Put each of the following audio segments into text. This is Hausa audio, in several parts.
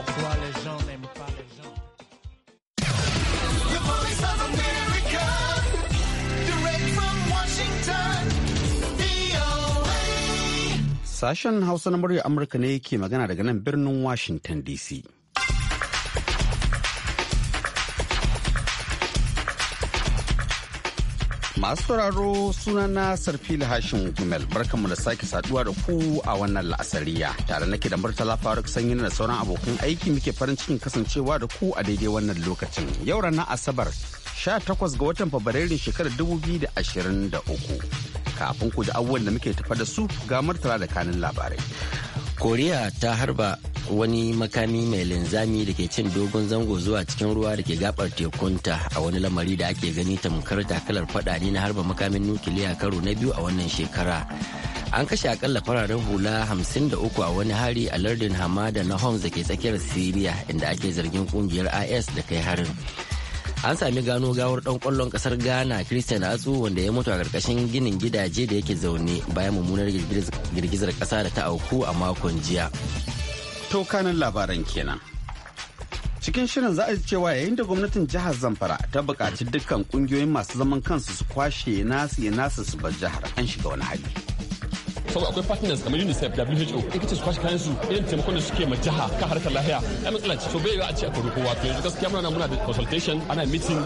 Pourquoi les gens n'aiment pas les gens Sashen Hausa na murya Amurka ne ke magana daga nan birnin Washington DC. Masu sauraro sunana Sarfil Hashin Gumel barkanmu da sake saduwa da ku a wannan la'asariya tare nake da Murtala Faruk sanyi da sauran abokan aiki muke farin cikin kasancewa da ku a daidai wannan lokacin. Yau ranar Asabar 18 ga watan Fabrairu shekarar 2023. Kafin ku ji abubuwan da muke tafa da su ga Murtala da kanin labarai. koriya ta harba wani makami mai linzami da ke cin dogon zango zuwa cikin ruwa da ke gabar tekunta a wani lamari da ake gani tamkar takalar fada ne na harba makamin nukiliya karo na biyu a wannan shekara an kashe akalla fararen hula 53 a wani hari a lardin hamada na homs da ke tsakiyar siriya inda ake zargin kungiyar is da kai harin an sami gano gawar dan kwallon kasar ghana christian atsu wanda ya mutu a karkashin ginin gidaje da yake zaune bayan mummunar girgizar kasa da ta auku a makon jiya to kanan labaran kenan cikin shirin za a ji cewa yayin da gwamnatin jihar zamfara ta buƙaci dukkan ƙungiyoyin masu zaman kansu su kwashe nasu ya nasu su bar jihar an shiga wani hali saboda akwai partners kamar UNICEF WHO in ce su kwashe kayan su irin taimakon da suke ma jiha kan harkar lafiya ai matsala ce to bai yiwa a ce a karo kowa to yanzu gaskiya muna muna da consultation ana meeting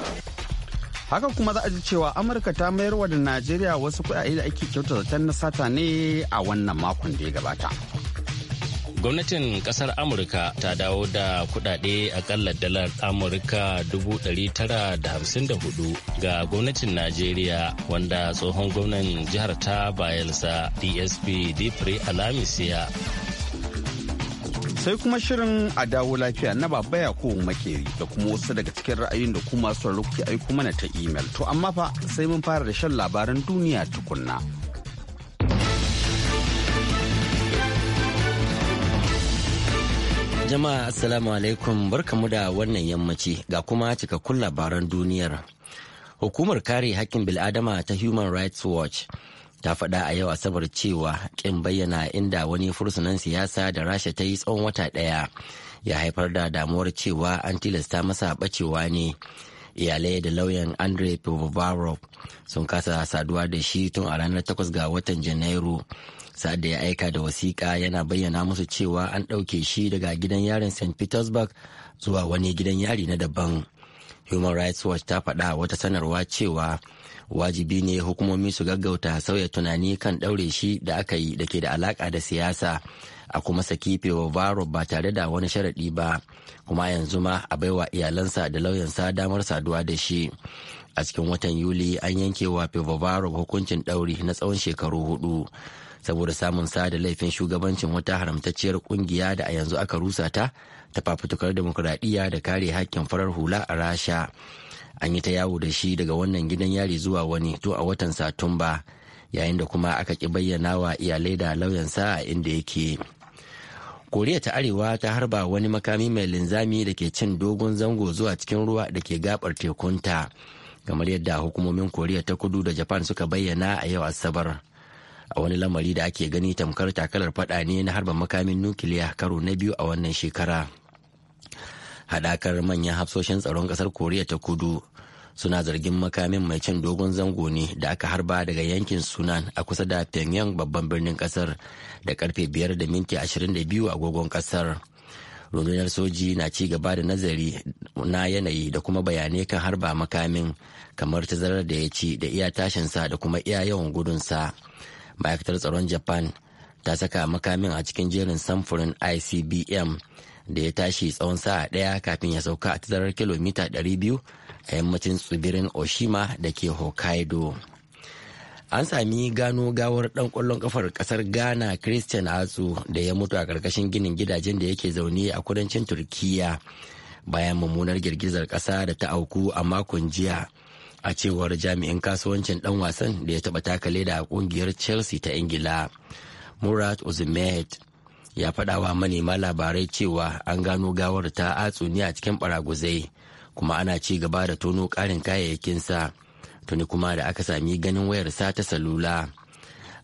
haka kuma za a ji cewa amurka ta mayar wa da najeriya wasu kuɗaɗe da ake kyauta zaton na sata ne a wannan makon da ya gabata gwamnatin kasar amurka ta dawo da kudade akalla dalar amurka 954 ga gwamnatin najeriya wanda tsohon gwamnan jihar ta bayelsa dsp dipre alamisiya sai kuma shirin a dawo lafiya na baba ko makeri da kuma wasu daga cikin ra'ayin da kuma masu kuke aiko mana ta imel to amma fa sai mun fara da shan labaran duniya tukunna. Jama'a Assalamu alaikum barkamu da wannan yammaci ga kuma cikakkun labaran duniyar. Hukumar kare hakkin bil'adama ta Human Rights Watch ta faɗa a yau Asabar cewa ƙin bayyana inda wani fursunan siyasa da Rasha ta yi tsawon wata ɗaya ya haifar da damuwar cewa an tilasta masa ɓacewa ne. Iyalai da lauyan andre Pivovarov sun kasa saduwa da shi tun a ranar 8 ga watan Janairu. sa'ad da ya aika da wasiƙa yana bayyana musu cewa an ɗauke shi daga gidan yarin st petersburg zuwa wani gidan yari na daban human rights watch ta faɗa wata sanarwa cewa wajibi ne hukumomi su gaggauta sauya tunani kan ɗaure shi da aka yi da ke da alaƙa da siyasa a kuma saki Varo ba tare da wani sharaɗi ba kuma yanzu ma a baiwa iyalansa da lauyansa damar saduwa da shi a cikin watan yuli an yanke wa Varo hukuncin ɗauri na tsawon shekaru hudu saboda samun sada laifin shugabancin wata haramtacciyar kungiya da a yanzu aka rusa ta ta fafutukar demokuraɗiyya da kare hakkin farar hula a rasha an yi ta yawo da shi daga wannan gidan yari zuwa wani to a watan satumba yayin da kuma aka ki bayyana wa iyalai da lauyansa a inda yake koriya ta arewa ta harba wani makami mai linzami da ke cin dogon zango zuwa cikin ruwa da ke gabar tekunta kamar yadda hukumomin koriya ta kudu da japan suka bayyana a yau asabar a wani lamari da ake gani tamkar takalar fada ne na harba makamin nukiliya karo na biyu a wannan shekara hadakar manyan hafsoshin tsaron ƙasar koriya ta kudu suna zargin makamin mai cin dogon zango ne da aka harba daga yankin sunan a kusa da pyongyang babban birnin kasar da karfe biyar da minti ashirin da 22 agogon kasar rundunar soji na ci gaba da nazari na yanayi da kuma bayanai kan harba makamin kamar tazarar da ya ci da iya tashinsa da kuma iya yawan gudunsa. sa ma'aikatar tsaron japan ta saka makamin a cikin jerin samfurin icbm da ya tashi tsawon sa'a daya kafin ya sauka a tazarar kilomita 200 a yammacin tsibirin oshima da ke hokkaido an sami gano gawar ɗan ƙwallon ƙafar ƙasar ghana christian atsu da ya mutu a ƙarƙashin ginin gidajen da yake zaune a kudancin turkiya bayan mummunar girgizar ƙasa da ta auku a makon jiya a cewar jami'in kasuwancin dan wasan da ya taba taka leda a kungiyar chelsea ta ingila murat ozimet ya faɗawa manema labarai cewa an gano gawar ta atsu ne a cikin baraguzai kuma ana ci gaba da tono ƙarin kayayyakinsa tuni kuma da aka sami ganin wayarsa ta salula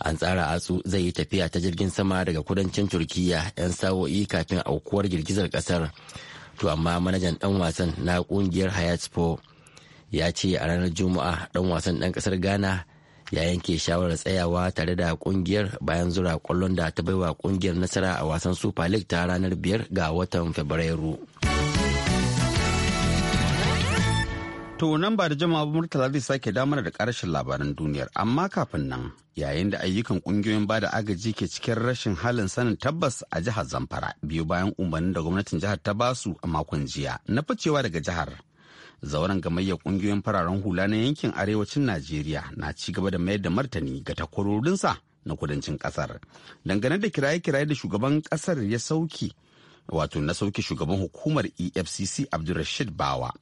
an tsara atsu zai yi tafiya ta jirgin sama daga kudancin turkiya 'yan sawo'i kafin aukuwar girgizar kasar to amma manajan dan wasan na kungiyar hayatspor ya ce a ranar juma'a dan wasan dan kasar ghana ya yanke shawarar tsayawa tare da kungiyar bayan zura kwallon da ta baiwa kungiyar nasara a wasan super league ta ranar biyar ga watan fabrairu to nan ba da jama'a murtala zai sake damar da karshen labaran duniyar amma kafin nan yayin da ayyukan kungiyoyin bada agaji ke cikin rashin halin sanin tabbas a jihar zamfara biyu bayan umarnin da gwamnatin jihar ta basu a makon jiya na ficewa daga jihar zauren gamayyar kungiyoyin fararen hula na yankin arewacin najeriya na ci gaba da mayar da martani ga takwarorinsa na kudancin kasar dangane da kiraye-kiraye da shugaban kasar ya sauki wato na sauki shugaban hukumar efcc abdulrashid bawa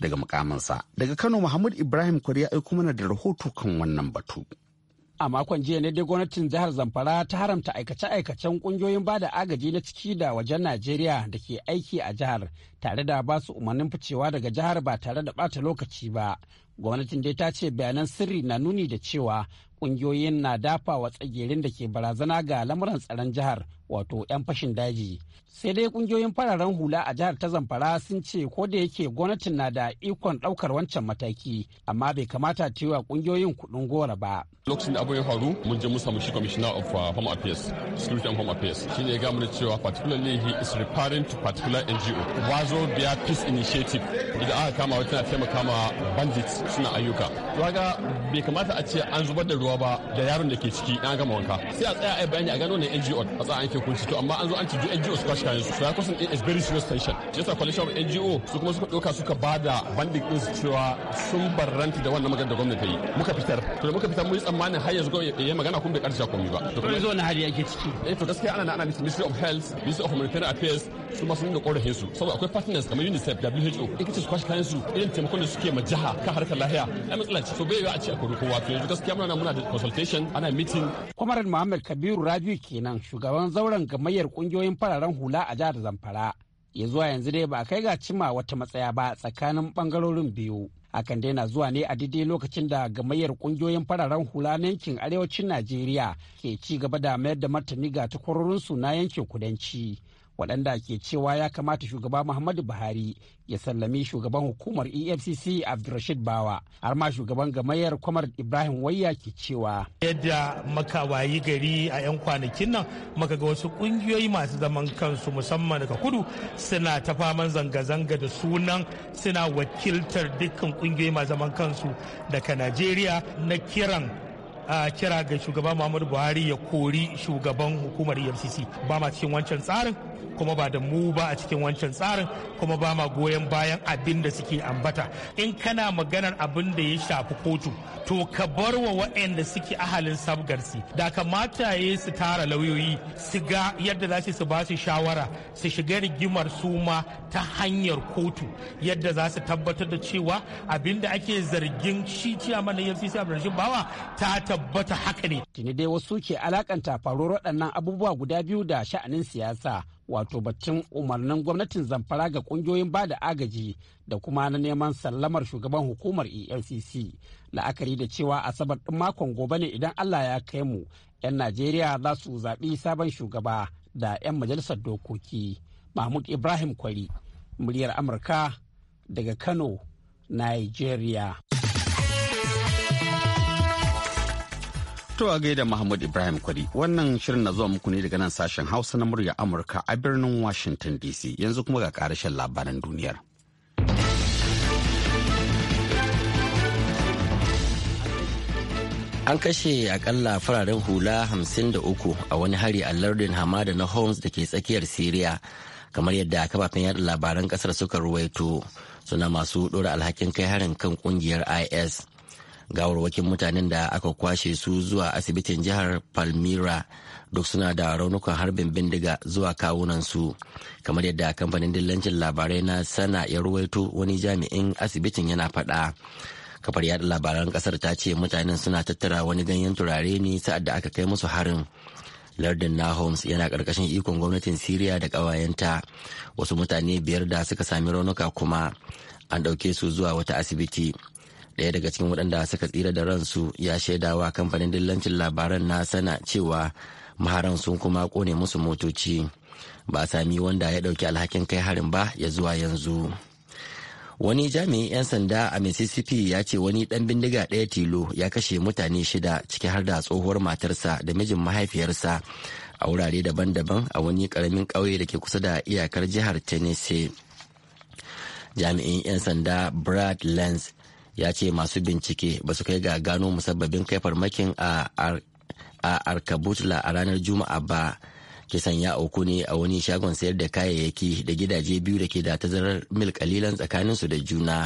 daga mukamansa daga kano muhammad ibrahim kwari ya aiko mana da rahoto kan wannan batu a makon jiya ne dai gwamnatin jihar zamfara ta haramta aikace-aikacen kungiyoyin ba da agaji na ciki da wajen najeriya da ke aiki a jihar tare da ba su umarnin ficewa daga jihar ba tare da bata lokaci ba gwamnatin dai ta ce bayanan sirri na nuni da cewa kungiyoyin na dafa wa tsagerin da ke barazana ga lamuran tsaron jihar wato 'yan fashin daji sai dai kungiyoyin fararen hula a jihar ta zamfara sun ce ko da yake gwamnatin na da ikon daukar wancan mataki amma bai kamata cewa kungiyoyin kudin gora ba lokacin da abu ya faru mun je mu samu shi commissioner of uh, home affairs security and home affairs shine ya gamu da cewa particularly he is referring to particular ngo wazo biya peace initiative idan aka kama wata tana taimaka ma bandits suna ayyuka to bai kamata a ce an zubar da ruwa kowa ba da yaron da ke ciki an gama wanka sai a tsaya a bayani a gano ne NGO a tsaya an ke kunci to amma an zo an ci NGO su kwashi kayan su ya kusan is very serious tension shi yasa coalition of NGO su kuma suka doka suka bada bandin din su cewa sun barranti da wannan magana da gwamnati ta yi muka fitar to da muka fitar mun yi tsammanin har yanzu ya magana kun bai karshe komai ba to kuma zuwa na hali yake ciki eh to gaskiya ana ana Ministry of Health Ministry of Humanitarian Affairs su ma sun da korafin su saboda akwai partners kamar UNICEF WHO in ce su kwashi kayan su irin taimakon da suke ma jiha kan harkar lahiya ai matsala ce so bai yi a ce a kori kowa to yanzu gaskiya muna muna da consultation ana meeting. Kwamarin Muhammad Kabiru Rabiu kenan shugaban zauren gamayyar kungiyoyin fararen hula a jihar Zamfara. Ya zuwa yanzu dai ba kai ga cima wata matsaya ba tsakanin bangarorin biyu. Hakan dai na zuwa ne a daidai lokacin da gamayyar kungiyoyin fararen hula na yankin arewacin Najeriya ke ci gaba da mayar da martani ga takwarorinsu na yankin kudanci. waɗanda ke cewa ya kamata shugaba muhammadu buhari ya sallami shugaban hukumar efcc abdulrashid bawa har ma shugaban gamayyar kwamar ibrahim wayya ke cewa yadda maka wayi gari a 'yan kwanakin nan maka ga wasu ƙungiyoyi masu zaman kansu musamman daga kudu suna ta faman zanga-zanga da sunan suna wakiltar dukkan kungiyoyi masu zaman kansu daga najeriya na kiran a kira ga shugaba muhammadu buhari ya kori shugaban hukumar efcc ba ma cikin wancan tsarin kuma ba da mu ba a cikin wancan tsarin kuma ba ma goyon bayan abin da suke ambata in kana maganar abin da ya shafi kotu to ka bar wa waɗanda suke ahalin sabgarsi da kamata ya su tara lauyoyi su ga yadda za su ba su shawara su shiga rigimar su ma ta hanyar kotu yadda za su tabbatar da cewa abin da ake zargin shi ciyaman na efcc abdulrashid bawa ta tabbata haka ne tuni dai wasu ke alakanta faruwar waɗannan abubuwa guda biyu da sha'anin siyasa wato baccin umarnin gwamnatin zamfara ga kungiyoyin ba da agaji da kuma na neman sallamar shugaban hukumar efcc la'akari da cewa asabar ɗin makon gobe ne idan allah ya kai mu 'yan najeriya za su zaɓi sabon shugaba da 'yan majalisar dokoki mahmud ibrahim kwari muryar amurka daga kano nigeria To a gaida Mahmud Ibrahim Kwari wannan shirin na zuwa muku ne daga nan sashen Hausa na murya Amurka a birnin Washington DC yanzu kuma ga karashen labaran duniyar. An kashe akalla fararen hula hamsin da uku a wani hari a lardin hamada na Homs da ke tsakiyar Siriya kamar yadda kafafen yada labaran kasar suka ruwaito suna masu dora alhakin kai harin kan kungiyar IS. gawarwakin mutanen da aka kwashe su zuwa asibitin jihar palmira duk suna da raunukan harbin bindiga zuwa kawunansu kamar yadda kamfanin dillancin labarai na sana ya ruwaito wani jami'in asibitin yana faɗa kafar yada labaran kasar ta ce mutanen suna tattara wani ganyen turare ne sa'ad da aka kai musu harin lardin na Homs yana ƙarƙashin ikon gwamnatin Siriya da ƙawayenta. Wasu mutane biyar da suka sami raunuka kuma an ɗauke su zuwa wata asibiti. Daya daga cikin waɗanda suka tsira da ransu ya shaidawa kamfanin dillancin labaran na sana cewa maharan sun kuma kone musu motoci. Ba a sami wanda ya ɗauki alhakin kai harin ba ya zuwa yanzu. Wani jami'in 'yan sanda a Mississippi ya ce wani ɗan bindiga ɗaya tilo ya kashe mutane shida ciki har da tsohuwar matarsa da mijin mahaifiyarsa a wurare daban-daban a wani ƙaramin ƙauye da ke kusa da iyakar jihar Tennessee. Jami'in 'yan sanda Brad Lenz ya ce masu bincike ba su kai ga gano musabbabin kai farmakin a arkabutla a ranar juma'a ba kisan ya auku ne a wani shagon sayar da kayayyaki da gidaje biyu da ke da tazarar mil kalilan tsakaninsu da juna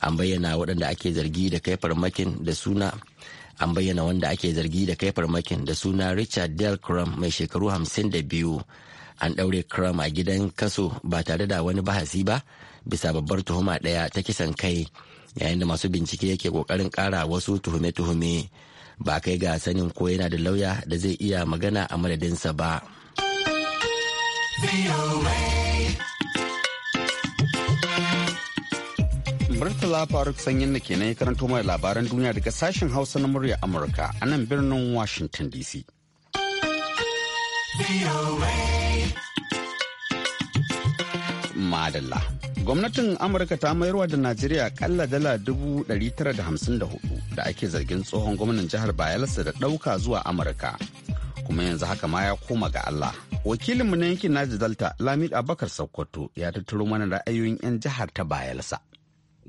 an bayyana waɗanda ake zargi da kai farmakin da suna an bayyana wanda ake zargi da kai farmakin da suna richard del crum mai shekaru hamsin da biyu an ɗaure crum a gidan kaso ba tare da wani bahasi ba bisa babbar tuhuma ɗaya ta kisan kai yayin da masu bincike yake kokarin kara wasu tuhume-tuhume ba kai ga sanin ko yana da lauya da zai iya magana a madadinsa ba. Murtala Faruk sanyin da kenan ya karanto mai labaran duniya daga sashen Hausa na murya Amurka a nan birnin Washington DC. Madalla. Gwamnatin Amurka ta mayarwa da Najeriya kalla dala 954 da ake zargin tsohon gwamnan jihar Bayelsa da ɗauka zuwa Amurka. Kuma yanzu haka ma ya koma ga Allah. Wakilinmu na yankin Naji Delta Lamid Abakar Sokoto ya tattaro mana ra'ayoyin 'yan jihar ta Bayelsa.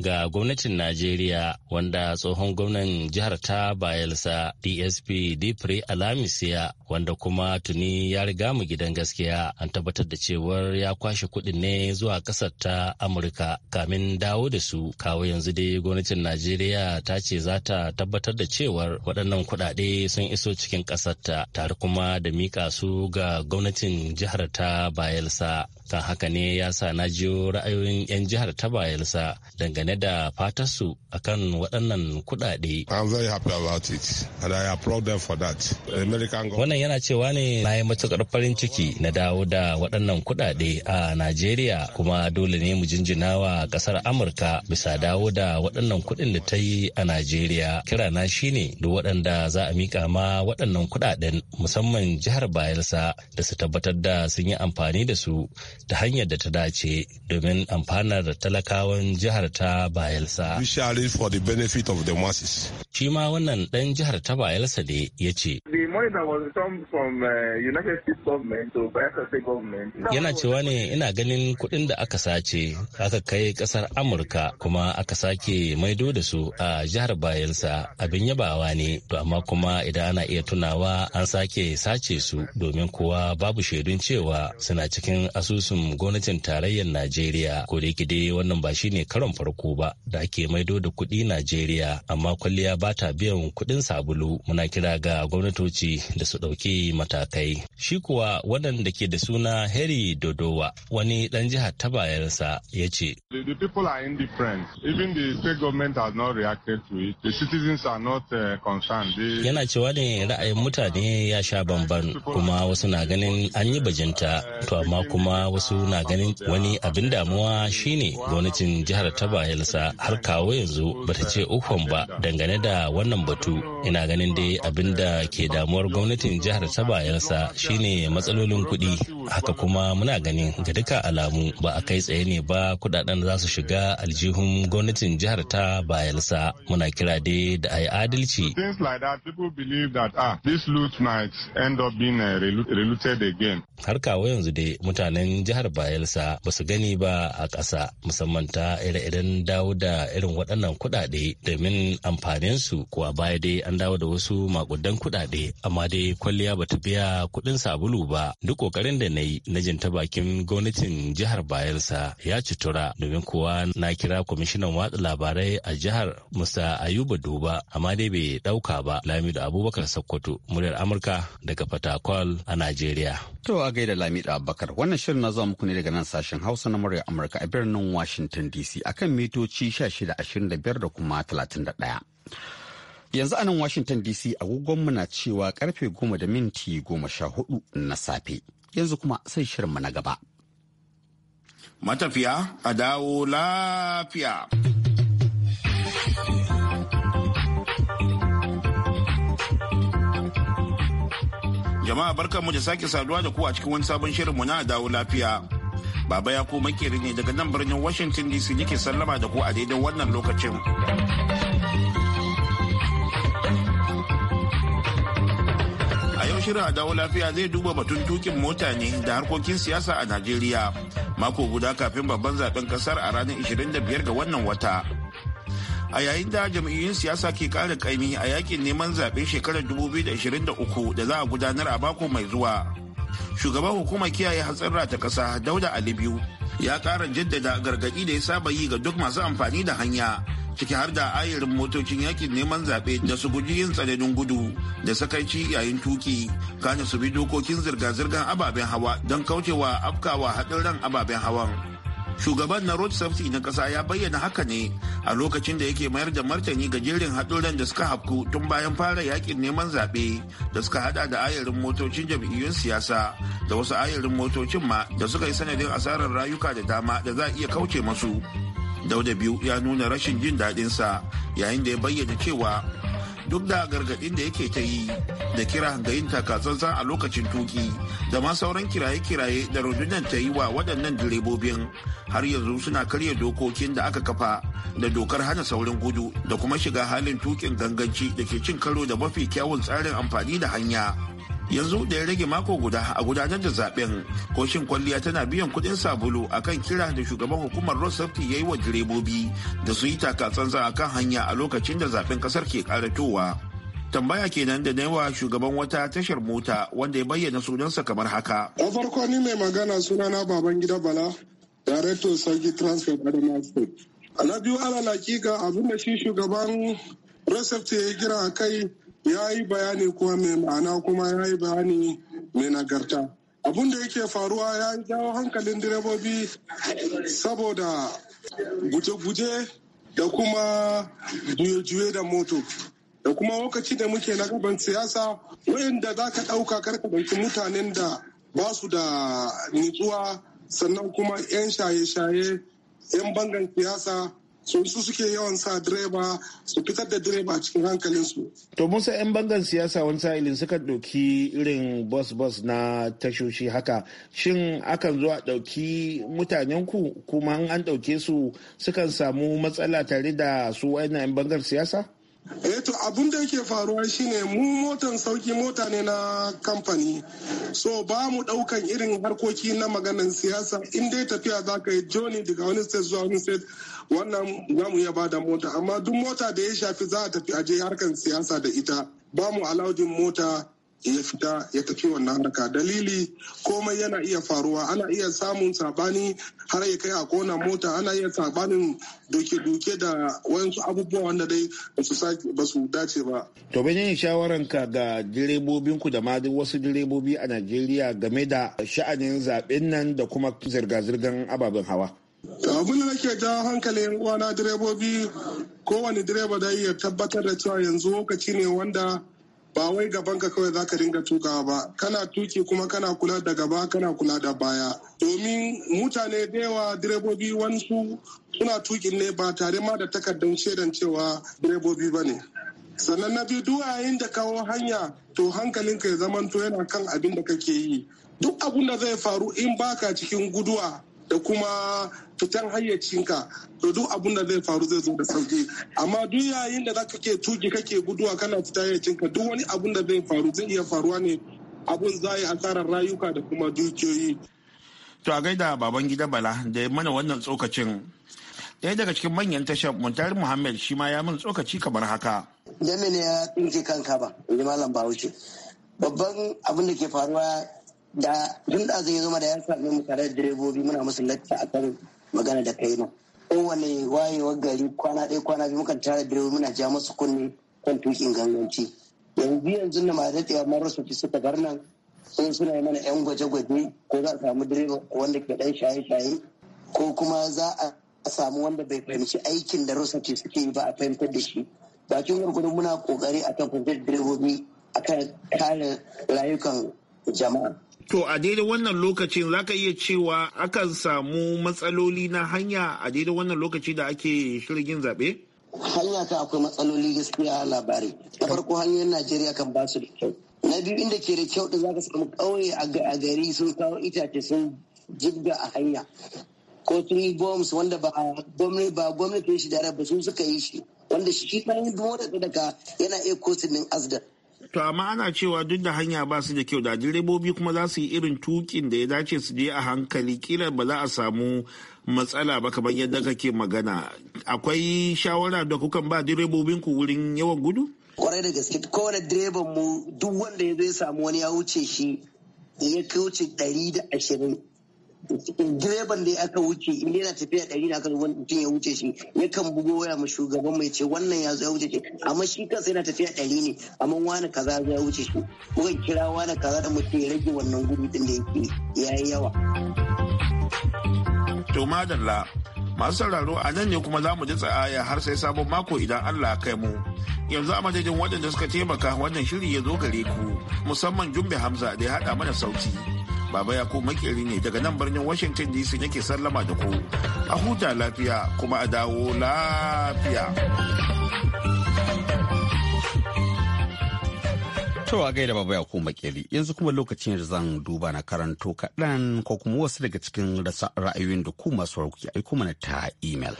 ga gwamnatin Najeriya wanda tsohon gwamnan jihar ta Bayelsa DSP Dipri Alamisiya wanda kuma tuni ya riga mu gidan gaskiya an tabbatar da cewar ya kwashe kuɗin ne zuwa ƙasar ta Amurka kamin dawo da su kawo yanzu dai gwamnatin Najeriya ta ce za ta tabbatar da cewar waɗannan kuɗaɗe sun iso cikin ƙasar ta tare kuma da mika su ga gwamnatin jihar ta Bayelsa. kan haka ne ya sa na jiyo ra'ayoyin 'yan jihar ta bayelsa dangane da fatarsu akan waɗannan kuɗaɗe. Wannan yana cewa ne na yi matuƙar farin ciki na dawo da waɗannan kuɗaɗe a Najeriya kuma dole ne mu jinjina wa ƙasar Amurka bisa dawo da waɗannan kuɗin da ta yi a Najeriya. Kirana ne, duk waɗanda za a miƙa ma waɗannan kuɗaɗen musamman jihar Bayelsa da su tabbatar da sun yi amfani da su ta hanyar da ta dace domin amfanar talakawan jihar ta Bayelsa. Shi ma wannan ɗan jihar ta Bayelsa ne ya ce. Uh, Yana cewa ne ina ganin kuɗin da aka sace aka kai ƙasar Amurka kuma aka sake maido da su a jihar Bayelsa abin yabawa ne to amma kuma idan ana iya tunawa an sake sace su domin kowa babu shaidun cewa suna cikin asusun ofishin gwamnatin tarayyar Najeriya ko da yake dai wannan ba shine karon farko ba da ake maido da kuɗi Najeriya amma kwalliya ba ta biyan kuɗin sabulu muna kira ga gwamnatoci da su ɗauki matakai. Shi kuwa wannan da ke da suna Harry Dodowa wani ɗan jihar ta bayarsa ya ce. The people are indifferent. Even the state government has not reacted to it. The citizens are not uh, concerned. Yana cewa ne ra'ayin mutane ya sha bamban kuma wasu na ganin an yi bajinta to amma kuma wasu wasu na ganin wani abin damuwa shine gwamnatin jihar ta bayelsa har kawo yanzu bata ce ukun ba dangane da wannan batu ina ganin dai abin da ke damuwar gwamnatin jihar ta bayelsa shine matsalolin kuɗi haka kuma muna ganin ga duka alamu ba a kai tsaye ne ba kuɗaɗen za su shiga aljihun gwamnatin jihar ta bayelsa muna kira dai da a yi adalci ah, eh, har kawo yanzu dai mutanen jihar jihar bayelsa ba su gani ba a ƙasa musamman ta ire-iren dawo da irin waɗannan kuɗaɗe domin amfaninsu kuwa baya dai an dawo da wasu makudan kuɗaɗe amma dai kwalliya ba ta biya kuɗin sabulu ba duk ƙoƙarin da na yi na jin ta bakin gwamnatin jihar bayelsa ya citura domin kuwa na kira kwamishinan watsa labarai a jihar musa ayuba duba amma dai bai ɗauka ba lamido abubakar sokoto muryar amurka daga fatakwal a najeriya to a gaida lamido abubakar wannan shirin na zuwa muku ne daga nan sashen Hausa na murya Amurka a birnin Washington DC akan mitoci 1625 da kuma 31. Yanzu a nan Washington DC agogonmu na cewa karfe goma da minti goma sha hudu na safe. Yanzu kuma sai shirinmu na gaba. Matafiya a dawo lafiya. Jama'a mu da sake saduwa da ku a cikin wani sabon shirinmu na dawo lafiya. Baba ya ko makeri ne daga nan birnin Washington DC yake sallama da ku a daidai wannan lokacin. A yau shirin a dawo lafiya zai duba batun tukin mota ne da harkokin siyasa a Najeriya. Mako guda kafin babban zaben kasar a ranar 25 ga wannan wata. a yayin da jam'iyyun siyasa ke kara kaimi a yakin neman zaɓe shekarar 2023 da za a gudanar a mako mai zuwa shugaban hukumar kiyaye hatsarra ta ƙasa dauda alibiyu ya kara jaddada gargaɗi da ya saba yi ga duk masu amfani da hanya ciki har da ayirin motocin yakin neman zaɓe da su guji yin tsananin gudu da sakaici yayin tuki kana su bi dokokin zirga-zirgar ababen hawa don kaucewa afkawa haɗin ran ababen hawan. shugaban na road safety na kasa ya bayyana haka ne a lokacin da yake mayar da martani ga jerin haɗuran da suka hafku tun bayan fara yakin neman zaɓe da suka hada da ayarin motocin jam'iyyun siyasa da wasu ayarin motocin ma da suka yi sanadin asarar rayuka da dama da za a iya kauce masu dauda biyu ya nuna rashin jin daɗinsa yayin da ya bayyana cewa duk da gargaɗin da yake ta yi da kira ga yin takatsantsan a lokacin tuki da ma sauran kiraye-kiraye da rundunar ta yi wa waɗannan direbobin har yanzu suna karya dokokin da aka kafa da dokar hana saurin gudu da kuma shiga halin tukin ganganci da ke cin karo da mafi kyawun tsarin amfani da hanya. yanzu da ya rage mako guda a gudanar da zaben koshin kwalliya tana biyan kudin sabulu akan kira da shugaban hukumar road ya yi wa direbobi da su yi takatsantsan a kan hanya a lokacin da zaben kasar ke karatowa tambaya kenan da naiwa shugaban wata tashar mota wanda ya bayyana sunansa kamar haka na farko ni mai magana sunana baban gida bala director sarki transfer adamawa state na biyu ala lakika abinda shi shugaban road ya ya kira a kai ya yi bayani kuma mai ma'ana kuma ya yi bayani mai nagarta abun da yake faruwa ya yi jawo hankalin direbobi saboda guje-guje da kuma juye-juye da moto da kuma lokaci da muke na gaban siyasa wayanda za ka ɗauka karka mutanen da ba su da nutsuwa sannan kuma 'yan shaye-shaye 'yan bangan siyasa su suke yawan sa direba su fitar da direba cikin hankalinsu. To Musa 'yan bangan siyasa wani sa'ilin suka ɗauki irin bus bus na tashoshi haka shin akan zo a ɗauki mutanen ku kuma an ɗauke su sukan samu matsala tare da su wa'ina 'yan bangar siyasa? eh to abin da yake faruwa shine mu motan sauki mota ne na kamfani so ba mu daukan irin harkoki na maganan siyasa in dai tafiya za ka yi joni daga wani state zuwa wani state wannan za ya bada mota amma duk mota da ya shafi za a tafi a je harkan siyasa da ita ba mu alaudin mota ya fita ya tafi wannan harka dalili komai yana iya faruwa ana iya samun sabani har ya kai a kona mota ana iya sabanin doke-doke da wayansu abubuwa wanda dai ba su dace ba. to yin shawaranka ga direbobinku da ma wasu direbobi a najeriya game da sha'anin zaben nan da kuma zirga zirgan ababen hawa abin da nake ja hankalin uwana direbobi kowane direba da ya tabbatar da cewa yanzu lokaci ne wanda ba wai gaban ka kawai zaka dinga tukawa ba kana tuki kuma kana kula da gaba kana kula da baya domin mutane da yawa direbobi wansu suna tukin ne ba tare ma da takardar shaidan cewa direbobi ba ne sannan na biyu duk yayin da kawo hanya to ka ya zamanto yana kan abin da kake yi duk abun da zai faru in baka cikin guduwa da kuma fitan hayyacinka to duk abun da zai faru zai zo da sauki amma duk yayin da zaka ke tuki kake guduwa kana fita hayyacinka duk wani abun da zai faru zai iya faruwa ne abun za yi asarar rayuka da kuma dukiyoyi. To a gaida baban gida Bala da ya mana wannan tsokacin. Ɗaya daga cikin manyan tashar muntar Muhammad shi ma ya min tsokaci kamar haka. ne ya tsinke kanka ba, ni malam wuce Babban abin da ke faruwa da tun da zai zama da ya sami mu tare da direbobi muna musu latta a kan magana da kai nan kowane wayewar gari kwana ɗaya kwana biyu mukan tara direba muna ja masu kunne kan tukin ganganci yanzu yanzu na ma daɗewa mara su fi suka bar nan sai suna yi mana yan gwaje-gwaje ko za a samu direba wanda ke ɗan shaye-shaye ko kuma za a samu wanda bai fahimci aikin da rosace suke yi ba a fahimtar da shi bakin gwargwado muna kokari a kan fahimtar direbobi a kan kare layukan jama'a To a daidai wannan lokacin za ka iya cewa akan samu matsaloli na hanya a daidai wannan lokaci da ake shirin yin zaɓe? Hanya ta akwai matsaloli gaskiya labari. Na farko hanyar Najeriya kan ba su da kyau. Na biyu inda ke da kyau da za ka samu ƙauye a gari sun kawo itace sun jibga a hanya. Ko sun yi bombs wanda ba gwamnati shi da ba su suka yi shi. Wanda shi ɗan yi da daga yana iya kosin azda. To amma ana cewa duk da hanya ba su da kyau da direbobi kuma za su yi irin tukin da ya dace su je a hankali kila ba za a samu matsala ba kamar yadda kake magana. Akwai shawara da kukan ba direbobin ku wurin yawan gudu? Kwarai da gaske kowane direban mu duk wanda ya zo ya samu wani ya wuce shi ya kauce ɗari da ashirin direban da aka wuce in yana tafiya ɗari na aka mutum ya wuce shi ya kan bugo waya ma shugaban mai ce wannan ya zo ya wuce shi amma shi kansa yana tafiya ɗari ne amma wani kaza ya wuce shi kuma kira wani kaza da mutum ya rage wannan gudu din da yake yi yawa. To madalla masu sauraro a nan ne kuma za mu ji tsaya har sai sabon mako idan Allah ya kai mu. Yanzu a madadin waɗanda suka taimaka wannan shiri ya zo gare ku musamman Jumbe Hamza da ya haɗa mana sauti. Baba Yakub makeri ne daga nan birnin Washington DC nake sallama da ku. A huta lafiya kuma a dawo lafiya. To a gaida Baba Yakub makeri yanzu kuma lokacin da zan duba na karanto kaɗan ko kuma wasu daga cikin ra'ayoyin da ku masu rauki aiko mana ta email.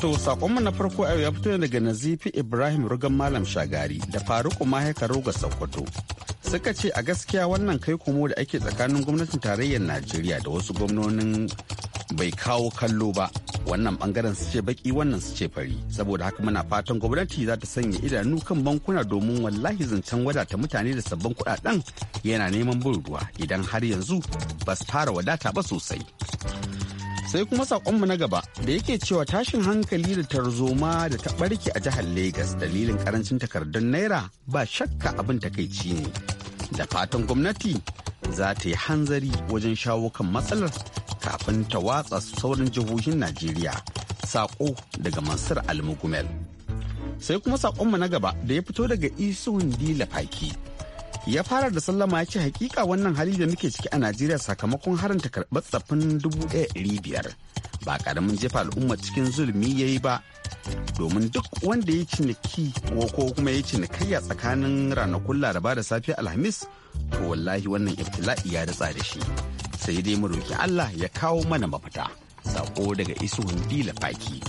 To sakonmu na farko yau ya fito daga Nazifi Ibrahim Rugan Malam Shagari da Faruku Mahaikar Roga Sokoto. Suka ce a gaskiya wannan kai komo da ake tsakanin gwamnatin tarayyar Najeriya da wasu gwamnonin bai kawo kallo ba. Wannan bangaren su ce baki wannan su ce fari. Saboda haka muna fatan gwamnati za ta sanya idanu kan bankuna domin wallahi zancen wadata mutane da sabbin kuɗaɗen yana neman bin ruwa idan har yanzu ba su fara wadata ba sosai. sai kuma sakonmu na gaba da yake cewa tashin hankali da tarzoma da ta ɓarke a jihar Legas dalilin karancin takardun naira ba shakka abin takaici ne. Da fatan gwamnati za ta yi hanzari wajen shawo kan matsalar kafin ta watsa sauran jihohin Najeriya. Saƙo daga Mansur Almugumel. Sai kuma saƙonmu na gaba da ya fito daga Isuhun Dila Faki. ya fara da sallama ya ce hakika wannan hali da muke ciki a najeriya sakamakon haranta karɓar tsaffin biyar ba ƙaramin jefa al'umma cikin zulmi ya yi ba domin duk wanda ya ciniki ko kuma ya cinikayya tsakanin ranakun laraba da safe alhamis to wallahi wannan iftila'i ya datsa da shi sai dai mu roki allah ya kawo mana mafita sako daga isuhun dila faki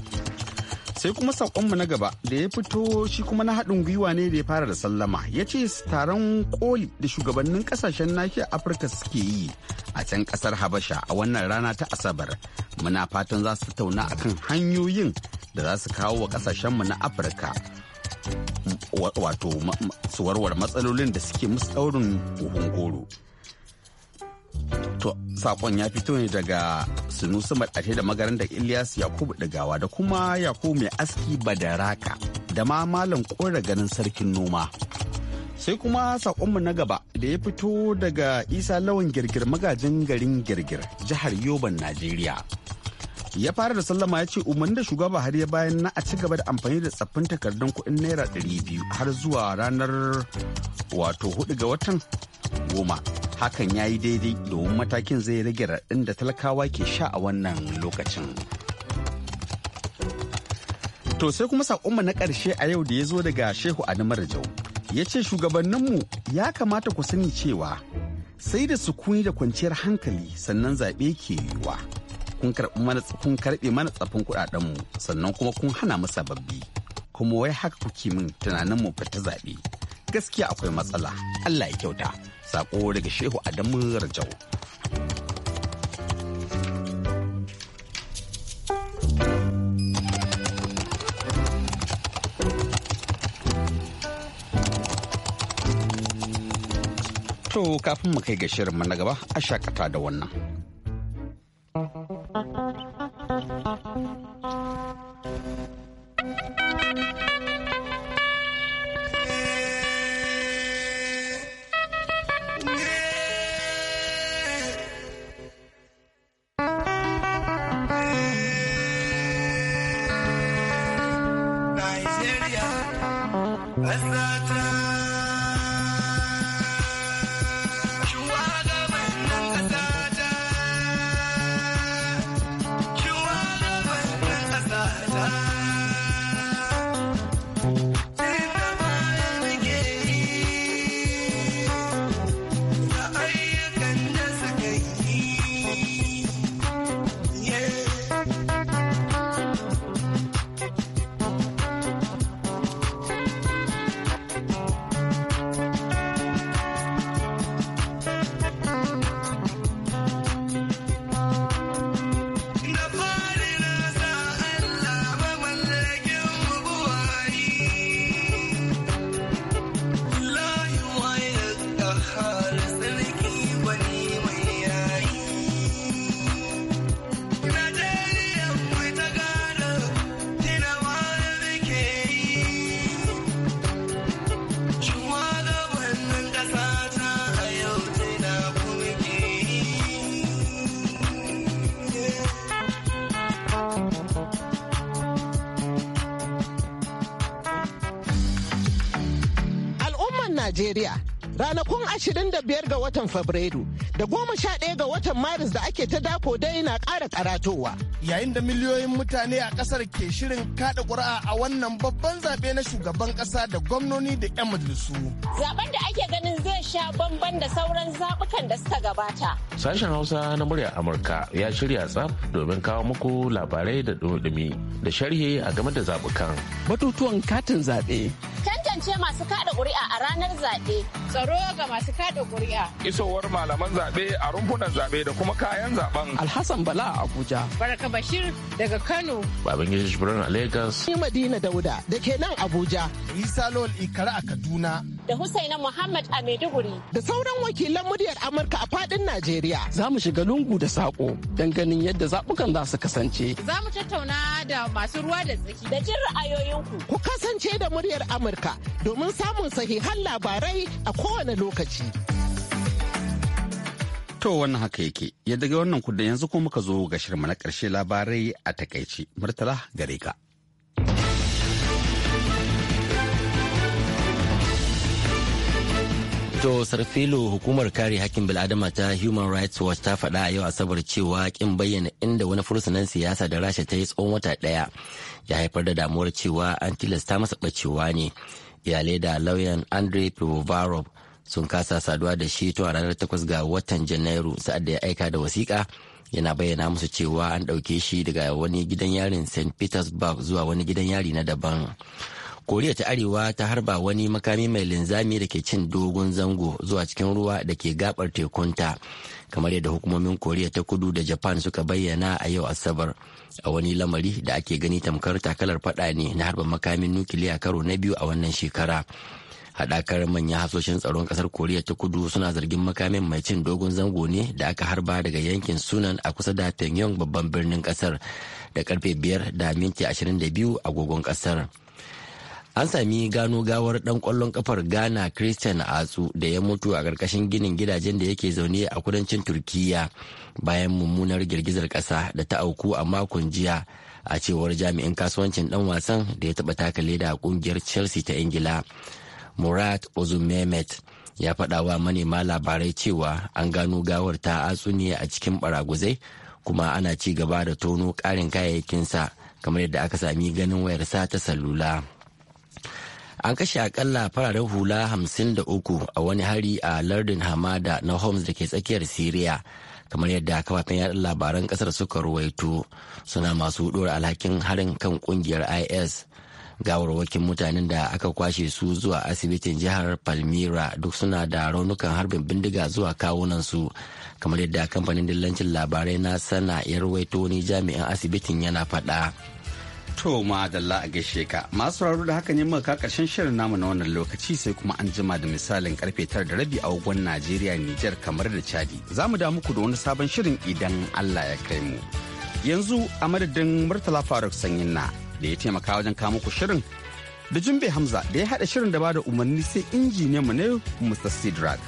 sai kuma saƙonmu na gaba da ya fito shi kuma na haɗin gwiwa ne da ya fara da sallama ya ce taron koli da shugabannin ƙasashen nahiyar afirka suke yi a can ƙasar habasha a wannan rana ta asabar muna fatan za su tattauna kan hanyoyin da za su kawo wa ƙasashenmu na afirka wato su warware matsalolin da suke musu ɗaurin goro To, sakon ya fito ne daga Sunusu Maɗafe da magaran da Ilyas Yakubu Ɗigawa da kuma Yakubu mai aski Badaraka da ma Malam Kora ganin sarkin noma. Sai kuma sakonmu na gaba da ya fito daga Isa Lawan Girgir magajin garin Girgir, jihar Yoban, Najeriya. Ya fara da sallama ya ce umarni da shugaba har ya bayan na a ci gaba da amfani da tsaffin takardun kuɗin naira 200 har zuwa ranar wato 4 ga watan goma hakan ya yi daidai domin matakin zai rage raɗin da talakawa ke sha a wannan lokacin to sai kuma saƙonmu na ƙarshe a yau da ya zo daga shehu adamar jau ya ce shugabanninmu ya kamata ku sani cewa sai da sukuni da kwanciyar hankali sannan zaɓe ke yiwuwa kun karɓi mana kun karɓe mana tsafin kuɗaɗenmu sannan kuma kun hana mu sababbi kuma wai haka kuke min tunanin mu fita zaɓe gaskiya akwai matsala Allah ya kyauta Sako daga Shehu Adamu Rajau. To kafin mu kai ga shirin na gaba a shakata da wannan. ranakun 25 ga watan Fabrairu da goma sha 11 ga watan Maris da ake ta dako dai na ƙara karatowa. Yayin da miliyoyin mutane a ƙasar ke shirin kaɗa ƙuri'a a wannan babban zaɓe na shugaban ƙasa da gwamnoni da 'yan majalisu. Zaben da ake ganin zai sha bamban da sauran zaɓukan da suka gabata. Sashen Hausa na murya Amurka ya shirya tsaf domin kawo muku labarai da dumi da sharhi a game da zaɓukan. Batutuwan katin zaɓe. kasance masu kada kuri'a a ranar zaɓe. Tsaro ga masu kada kuri'a Isowar malaman zaɓe a rumfunan zaɓe da kuma kayan zaɓen. Alhassan Bala a Abuja. Baraka Bashir daga Kano. Babangida Jibrin a Lagos. Ni Madina Dauda da ke nan Abuja. Isa Lol Ikara a Kaduna. Da Husaina Muhammad a Maiduguri. Da sauran wakilan muryar Amurka a faɗin Najeriya. Za mu shiga lungu da saƙo don ganin yadda zaɓukan za su kasance. Za mu tattauna da masu ruwa da tsaki. Da jin ra'ayoyinku. Ku kasance da muryar Amurka domin samun sahihan labarai a kowane lokaci. To wannan haka yake, ya daga wannan kudin yanzu kuma muka zo ga shirma na ƙarshe labarai a takaici. Murtala gare ka. To Sarfilo hukumar kare hakkin bil'adama ta Human Rights Watch ta faɗa a yau Asabar cewa kin bayyana inda wani fursunan siyasa da Rasha ta yi tsawon wata ɗaya ya haifar da damuwar cewa an tilasta masa ɓacewa ne. iyalai da lauyan andre pivovarov sun kasa saduwa da shi tun a ranar 8 ga watan janairu sa'ad da ya aika da wasiƙa yana bayyana musu cewa an ɗauke shi daga wani gidan yarin st petersburg zuwa wani gidan yari na daban koriya ta arewa ta harba wani makami mai linzami da ke cin dogon zango zuwa cikin ruwa da ke gabar tekunta kamar yadda hukumomin koriya ta kudu da japan suka bayyana a yau asabar a wani lamari da ake gani tamkar takalar fada ne na harba makamin nukiliya karo na biyu a wannan shekara haɗakar manyan hasoshin tsaron ƙasar koriya ta kudu suna zargin makamin mai cin dogon zango ne da aka harba daga yankin sunan a kusa da pyongyang babban birnin ƙasar da karfe 5 da minti 22 agogon ƙasar an sami gano gawar dan kwallon kafar ghana christian atsu da ya mutu a ƙarƙashin ginin gidajen da yake zaune a kudancin turkiya bayan mummunar girgizar ƙasa da ta auku a makon jiya a cewar jami'in kasuwancin dan wasan da ya taɓa takale da a ƙungiyar chelsea ta ingila murat ozumemet ya faɗa manema labarai cewa an gano gawar ta atsu ne a cikin baraguzai kuma ana ci gaba da tono ƙarin kayayyakinsa kamar yadda aka sami ganin wayarsa ta salula. an kashe akalla fararen hula 53 a wani hari a lardin hamada na homs da ke tsakiyar syria kamar yadda kafafen yaɗa labaran ƙasar suka ruwaito suna masu dora alhakin harin kan ƙungiyar is gawarwakin mutanen da aka kwashe su zuwa asibitin jihar palmira duk suna da raunukan harbin bindiga zuwa kawunansu kamar yadda kamfanin dillancin labarai na sana ya ruwaito wani jami'in asibitin yana faɗa. To madalla a gaishe ka. Masu sauraro da haka ne muka ka karshen shirin namu na wannan lokaci sai kuma an jima da misalin karfe tara da rabi a wagon Najeriya Nijar kamar da Chadi. Za mu da muku da wani sabon shirin idan Allah ya kai mu. Yanzu a madadin Murtala Faruk Sanyin na da ya taimaka wajen kawo muku shirin da Jumbe Hamza da ya haɗa shirin da bada umarni sai injiniyan mu ne Mr. Sidrak.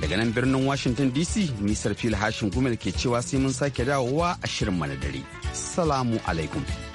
Daga nan birnin Washington DC, Nisar Sarfil Hashin Gumel ke cewa sai mun sake dawowa a shirin mana dare. Salamu alaikum.